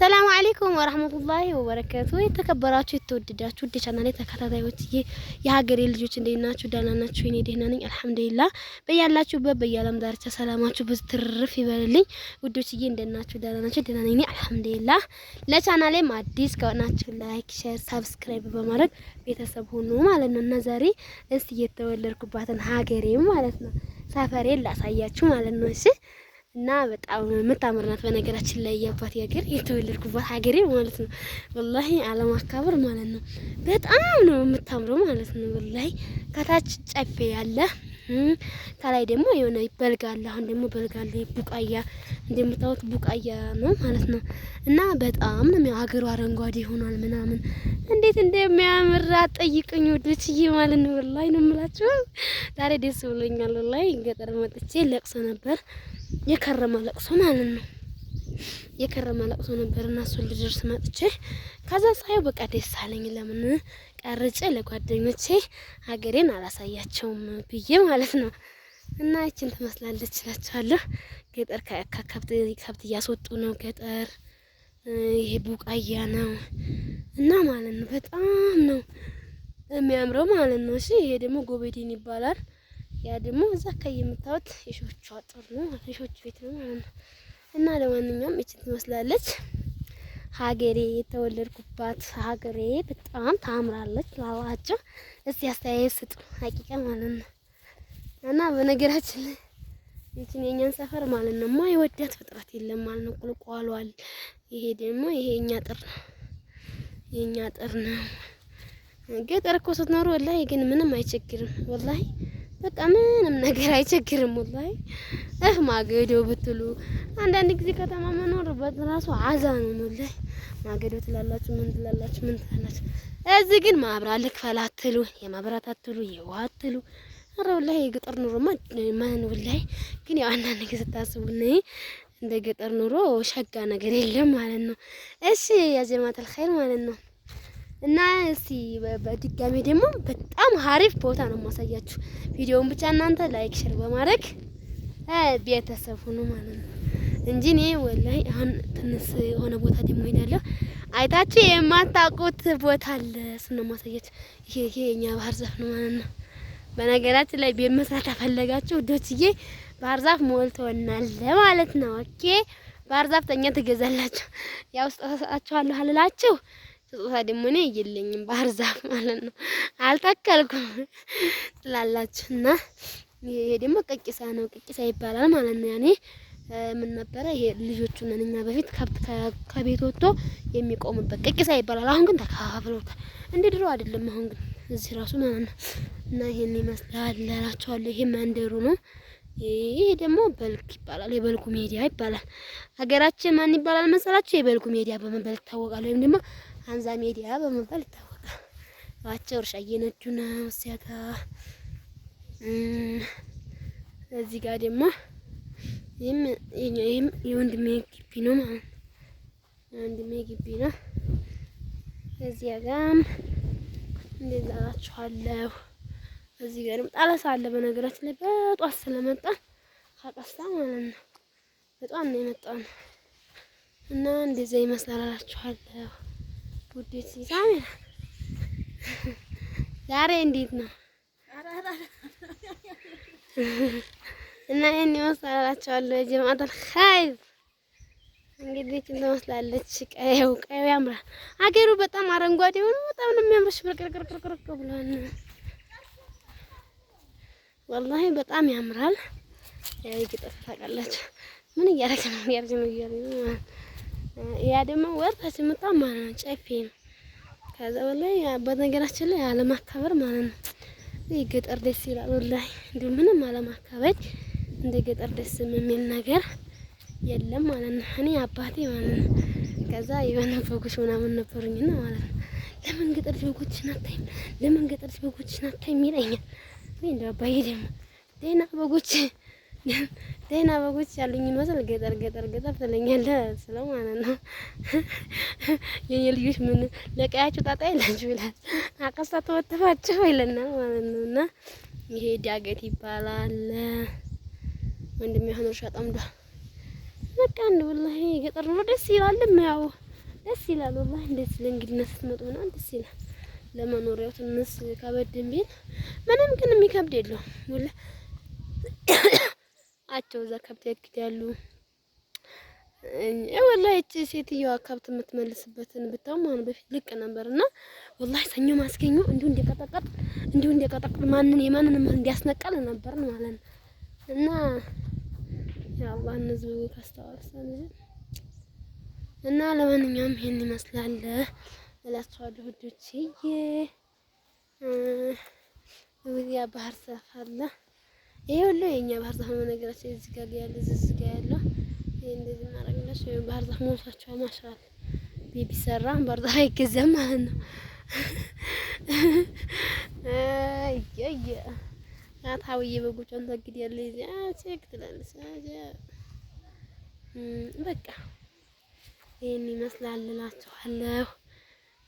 ሰላም አለይኩም ወራህመቱላሂ ወበረከቱ። የተከበራችሁ የተወደዳችሁ ውድ ቻናሌ ተከታታዮች የሀገሬ ልጆች እንዴት ናችሁ? ደህና ናችሁ? እኔ ደህና ነኝ አልሐምዱሊላህ። በያላችሁበት በየዓለም ዳርቻ ሰላማችሁ ብዙ ትርፍ ይበልልኝ። ውዶችዬ እንዴት ናችሁ? ደህና ናችሁ? ደህና ነኝ አልሐምዱሊላህ። ለቻናሌም አዲስ ከሆናችሁ ላይክ፣ ሼር፣ ሳብስክራይብ በማድረግ ቤተሰብ ሆኑ ማለት ነው እና ዛሬ እስቲ የተወለድኩባትን ሀገሬ ማለት ነው ሰፈሬን ላሳያችሁ ማለት ነው እሺ እና በጣም የምታምር ናት። በነገራችን ላይ የአባቴ ሀገር የተወለድኩባት ሀገሬ ማለት ነው። ወላሂ አለም አካባቢ ማለት ነው። በጣም ነው የምታምረው ማለት ነው። ወላሂ ከታች ጨፌ ያለ ከላይ ደግሞ የሆነ ይበልጋል። አሁን ደግሞ በልጋል ቡቃያ እንደምታወት ቡቃያ ነው ማለት ነው። እና በጣም ነው ሀገሩ አረንጓዴ ይሆናል ምናምን እንዴት እንደሚያምር አትጠይቁኝ ወዶችዬ ማለት ነው። ወላሂ ነው የምላችሁ ዛሬ ደስ ብሎኛል። ወላሂ ገጠር መጥቼ ለቅሶ ነበር የከረመ ለቅሶ ማለት ነው። የከረመ ለቅሶ ነበር እና እሱን ልደርስ መጥቼ ከዛ ሳየው በቃ ደስ አለኝ። ለምን ቀርጬ ለጓደኞቼ ሀገሬን አላሳያቸውም ብዬ ማለት ነው። እና ይችን ትመስላለች እላችኋለሁ። ገጠር ከብት እያስወጡ ነው። ገጠር ይሄ ቡቃያ ነው እና ማለት ነው በጣም ነው የሚያምረው ማለት ነው። እሺ ይሄ ደግሞ ጎበዴን ይባላል። ያ ደግሞ እዛ ከይ የምታዩት የሾቹ አጥር ነው፣ የሾቹ ቤት ነው ማለት ነው። እና ለማንኛውም እቺ ትመስላለች ሀገሬ፣ የተወለድኩባት ሀገሬ በጣም ታምራለች ላላችሁ እስቲ አስተያየት ስጡ፣ ሀቂቃ ማለት ነው። እና በነገራችን ላይ ይችን የኛን ሰፈር ማለት ነው ማይወዳት ፍጥረት የለም ማለት ነው። ቁልቋሏል። ይሄ ደግሞ ይሄ የኛ አጥር ነው፣ የኛ አጥር ነው። ገጠር እኮ ስትኖሩ ወላሂ ግን ምንም አይቸግርም ወላሂ በቃ ምንም ነገር አይቸግርም። ወላሂ እህ ማገዶ ብትሉ አንዳንድ ጊዜ ከተማ መኖር በራሱ አዛ ነው። ወላሂ ማገዶ ትላላችሁ፣ ምን ትላላችሁ፣ ምን ትላላችሁ። እዚህ ግን ማብራት ልክፈል አትሉ፣ የማብራት አትሉ፣ የውሃ አትሉ። ኧረ ወላሂ የገጠር ኑሮ ማን ወላሂ ግን ያው አንዳንድ ጊዜ ታስቡ ነይ እንደ ገጠር ኑሮ ሸጋ ነገር የለም ማለት ነው። እሺ ያጀማተል ኸይር ማለት ነው። እና እስቲ በድጋሚ ደግሞ በጣም ሀሪፍ ቦታ ነው የማሳያችሁ። ቪዲዮውን ብቻ እናንተ ላይክ ሼር በማድረግ ቤተሰብ ሁኑ ማለት ነው እንጂ እኔ ወላሂ አሁን ትንስ የሆነ ቦታ ደግሞ ሄዳለሁ። አይታችሁ የማታውቁት ቦታ አለ። እሱን ነው የማሳያችሁ። ይሄ ይሄ የኛ ባህር ዛፍ ነው ማለት ነው። በነገራችን ላይ ቤት መስራት ያፈለጋችሁ ዶችዬ ባህር ዛፍ ሞልቶናል ማለት ነው። ኦኬ ባህር ዛፍ ተኛ ትገዛላችሁ። ያው ስጠሳችኋለሁ አልላችሁ ስጦታ ደግሞ እኔ የለኝም፣ ባህር ዛፍ ማለት ነው አልተከልኩም ትላላችሁ። እና ይሄ ደግሞ ቀቂሳ ነው፣ ቀቂሳ ይባላል ማለት ነው። ያኔ ምን ነበረ ይሄ ልጆቹ ነን እኛ በፊት ከብት ከቤት ወጥቶ የሚቆምበት ቀቂሳ ይባላል። አሁን ግን ተካፍለውታል፣ እንደ ድሮ አይደለም። አሁን ግን እዚህ ራሱ ማለት ነው። እና ይሄን ይመስላል እላችኋለሁ። ይሄ ማንደሩ ነው። ይሄ ደግሞ በልክ ይባላል። የበልኩ ሜዲያ ይባላል። ሀገራችን ማን ይባላል መሰላችሁ? የበልኩ ሜዲያ በመበልክ ይታወቃል ወይም ደግሞ ሀንዛ ሜዲያ በመባል ይታወቃል። ዋቸው እርሻ እየነጁ ነው። እዚያ ጋ እዚህ ጋር ደግሞ ይህም ይህም የወንድሜ ግቢ ነው ማለት ነው። የወንድሜ ግቢ ነው። እዚያ ጋም እንደዛ እላችኋለሁ። እዚህ ደግሞ ጠለሳ አለ። በነገራችን ላይ በጧት ስለመጣ ከቀስታ ማለት ነው በጧት ነው የመጣን እና እንደዛ ይመስላል እላችኋለሁ። ውዴት ሲሳም ዛሬ እንዴት ነው እና እኔ ወስላላችኋለሁ። የጀማዓተል ኸይር እንግዲህ ትመስላለች። ቀየው ቀየው ያምራል። አገሩ በጣም አረንጓዴ ሆኖ በጣም ነው የሚያምር። ሽብርቅርቅርቅርቅ ብሏል። ወላሂ በጣም ያምራል። ያይ ግጠፍ ታውቃላችሁ። ምን እያደረገ ነው? ያ ደግሞ ወር ተስምጣ ማለት ነው፣ ጨፌ ነው። ከዛ ወላሂ በነገራችን ላይ አለማካበር ማለት ነው። ይህ ገጠር ደስ ይላል ወላሂ። እንዲሁ ምንም አለማካበር እንደ ገጠር ደስ የሚል ነገር የለም ማለት ነው። እኔ አባቴ ማለት ነው ከዛ የሆነ በጎች ምናምን ነበሩኝና ማለት ነው ለምን ገጠር በጎች ናታይ ለምን ገጠር በጎች ናታይ ይለኛል። ወይ እንደ አባዬ ደግሞ ደህና በጎች ደህና በጎች ያሉኝ ይመስል ገጠር ገጠር ገጠር ትለኛለህ ስለው ማለት ነው። የኔ ልጆች ምን ለቀያችሁ ጣጣ የላችሁ ይላል። አቀስታ ተወተፋችሁ ይለናል ማለት ነው። እና ይሄ ዳገት ይባላል። ወንድም የሆነ እርሻ ጠምዷል። በቃ እንደ ወላሂ ገጠር ነው። ደስ ይላል። ያው ደስ ይላል። ወላሂ ደስ ይላል። እንግዲህ ስትመጡ ምናምን ደስ ይላል። ለመኖሪያው ትንሽ ከበድም ቢል ምንም ግን የሚከብድ የለውም ወላሂ አቸው እዛ ከብት ያግዳሉ። ወላሂ እቺ ሴትዮዋ ከብት የምትመልስበትን ብታው ማን በፊት ልቅ ነበርና ወላሂ ሰኞ ማስገኙ እንዲሁ እንደቀጠቀጥ እንዲሁ እንደቀጠቀጥ ማንን የማንን የማንንም እንዲያስነቀል ነበር ማለት ነው። እና ያአላህ እነዚህ ካስተዋልሰን እና ለማንኛውም ይሄን ይመስላል እላችኋለሁ ውዶቼ። ይሄ ባህር ሰፍ አለ ይሄ ሁሉ የኛ ባህር ዛፍ ነው። እዚህ ጋር ያለ እዚህ ጋር ያለ ይሄ እንደዚህ ማረግላችሁ ባህር ዛፍ ሞልቷቸው ማሻል ቤቢ ሰራ ባህር ዛፍ አይገዛም ማለት ነው። አየየ አታውዬ በጎቿን ታግድ ያለ ይዚ አቼክ ትላለች። አጀ በቃ ይሄን ይመስላል እላችኋለሁ።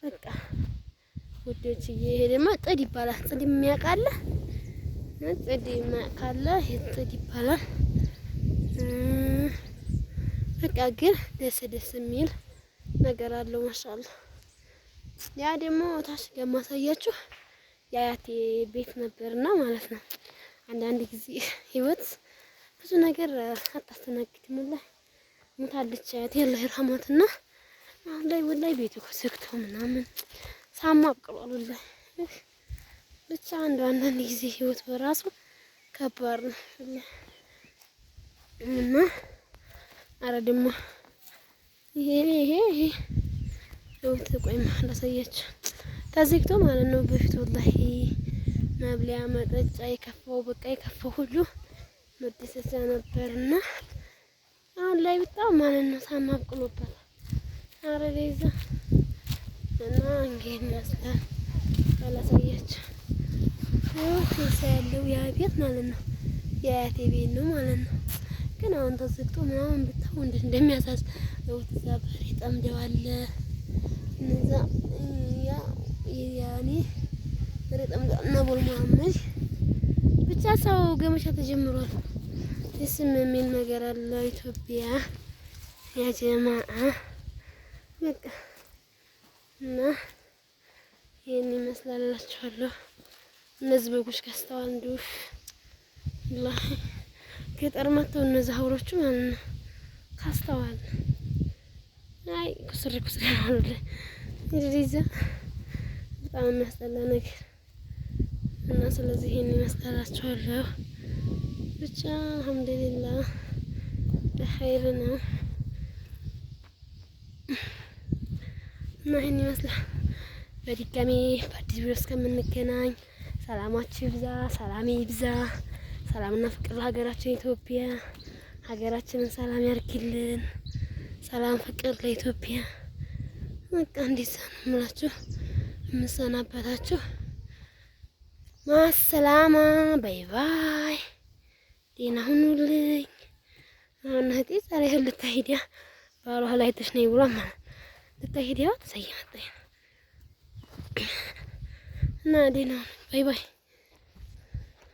በቃ ውዶችዬ ይሄ ደግሞ ጥድ ይባላል። ጥድ የሚያውቃለህ ጽድ ካለ ጽድ ይባላል። በቃ ግን ደስ ደስ የሚል ነገር አለው። ማሻአላ ያ ደግሞ ታች የማሳያችሁ የአያቴ ቤት ነበርና ማለት ነው። አንዳንድ ጊዜ ህይወት ብዙ ነገር አታስተናግድም። ወላሂ ሙታለች አያቴ አላህ ይርሐማትና አሁን ላይ ወላሂ ቤቱ ተዘግቶ ምናምን ሳማ አቅሯል ወላሂ ብቻ አንዱ አንዳንድ ጊዜ ህይወት በራሱ ከባድ ነው እና አረ ደግሞ ይሄ ይሄ ይሄ ህይወት ቆይማ ላሳያችሁ ተዘግቶ ማለት ነው። በፊት ወላሂ መብለያ መጠጫ የከፋው በቃ የከፋው ሁሉ መደሰቻ ነበርና አሁን ላይ በጣም ማለት ነው ሳማብቅሎበታል። አረ ሌዛ እና እንግዲህ ይመስላል እዛ ያለው ያ ቤት ማለት ነው የአያቴ ቤት ነው ማለት ነው። ግን አሁን ተዘግቶ ምናምን ብታ እንዴት እንደሚያሳዝ እዛ በሬ ጠምደዋለ እነዛ ያ ያኔ በሬ ጠምደዋል እና ቦል መሀመድ ብቻ ሰው ገመቻ ተጀምሯል። ስም የሚል ነገር አለው ኢትዮጵያ ያጀማአ በቃ እና ይህን ይመስላላችኋለሁ። እነዚህ በጎች ከስተዋል። እንዲሁ ገጠር መጥተው እነዚህ አውሮቹ ማለት ነው ካስተዋል። አይ ኩስሪ ኩስሪ ነው እንግዲህ በጣም የሚያስጠላ ነገር እና ስለዚህ ይሄን ይመስላችኋለሁ። ብቻ አልሐምዱሊላህ ለኸይር ነው እና ይሄን ይመስላል። በድጋሚ በአዲስ ቪዲዮ እስከምንገናኝ ሰላማችሁ ይብዛ፣ ሰላም ይብዛ። ሰላምና ፍቅር ለሀገራችን ኢትዮጵያ። ሀገራችንን ሰላም ያርግልን። ሰላም ፍቅር ለኢትዮጵያ። በቃ እንዴት ነው የምላችሁ የምሰናበታችሁ። ማሰላማ ባይ ባይ። ጤና ሁኑልኝ። አሁን እህቴ ዛሬ ልታሄዲያ ባሏ ላይ ብሏ ማለት ልታሄዲያ ተሰየመጠኝ Hadi lan. Bay bay.